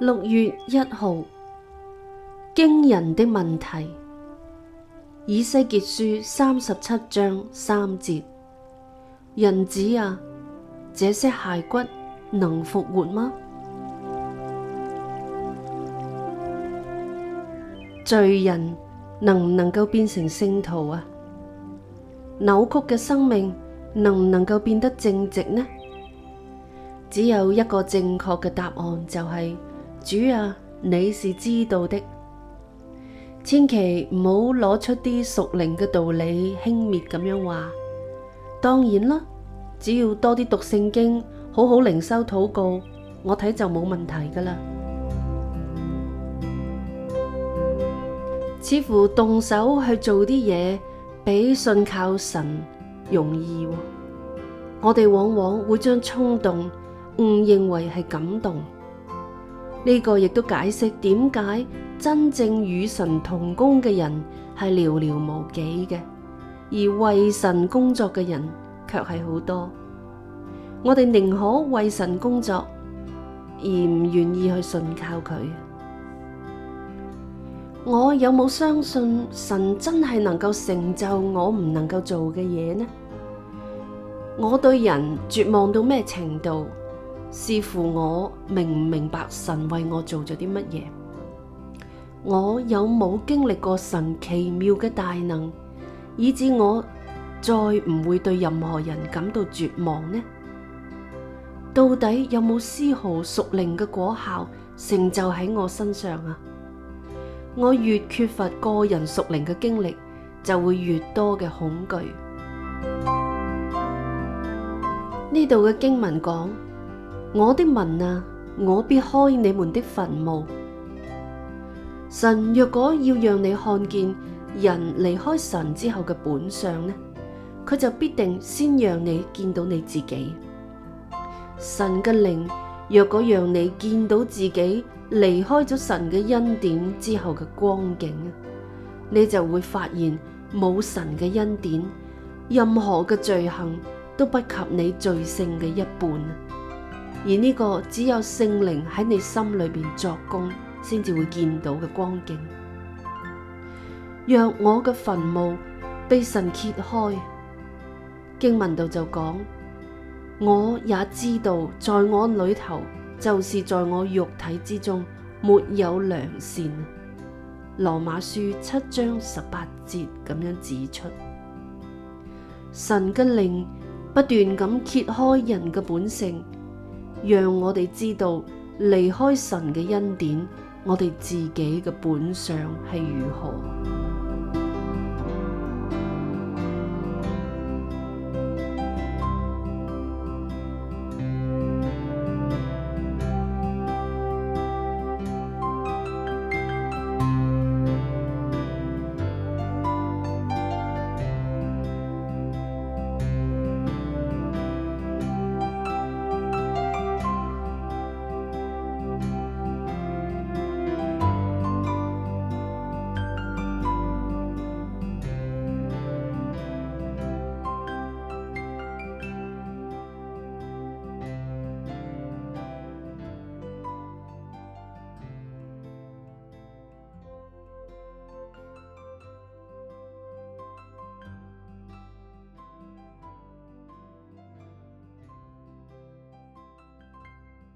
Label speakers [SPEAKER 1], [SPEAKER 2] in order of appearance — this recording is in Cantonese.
[SPEAKER 1] 六月一號，驚人的問題，以西結書三十七章三節：人子啊，這些骸骨能復活嗎？罪人能唔能夠變成聖徒啊？扭曲嘅生命能唔能夠變得正直呢？只有一個正確嘅答案，就是，就係。主啊，你是知道的，千祈唔好攞出啲屬靈嘅道理輕蔑咁樣話。當然啦，只要多啲讀聖經，好好靈修禱告，我睇就冇問題㗎喇。似乎動手去做啲嘢比信靠神容易。我哋往往會將衝動誤認為係感動。呢個亦都解釋點解真正與神同工嘅人係寥寥無幾嘅，而為神工作嘅人卻係好多。我哋寧可為神工作，而唔願意去信靠佢。我有冇相信神真係能夠成就我唔能夠做嘅嘢呢？我對人絕望到咩程度？視乎我明唔明白神為我做咗啲乜嘢，我有冇經歷過神奇妙嘅大能，以致我再唔會對任何人感到絕望呢？到底有冇絲毫屬靈嘅果效成就喺我身上啊？我越缺乏個人屬靈嘅經歷，就會越多嘅恐懼。呢度嘅經文講。我的民啊，我必開你們的墳墓。神若果要讓你看見人離開神之後嘅本相呢，佢就必定先讓你見到你自己。神嘅靈若果讓你見到自己離開咗神嘅恩典之後嘅光景，你就會發現冇神嘅恩典，任何嘅罪行都不及你罪性嘅一半。而呢個只有聖靈喺你心裏面作工，先至會見到嘅光景。若我嘅墳墓被神揭開，經文度就講，我也知道在我裏頭，就是在我肉體之中，沒有良善。羅馬書七章十八節咁樣指出，神嘅靈不斷咁揭開人嘅本性。讓我哋知道離開神嘅恩典，我哋自己嘅本相係如何。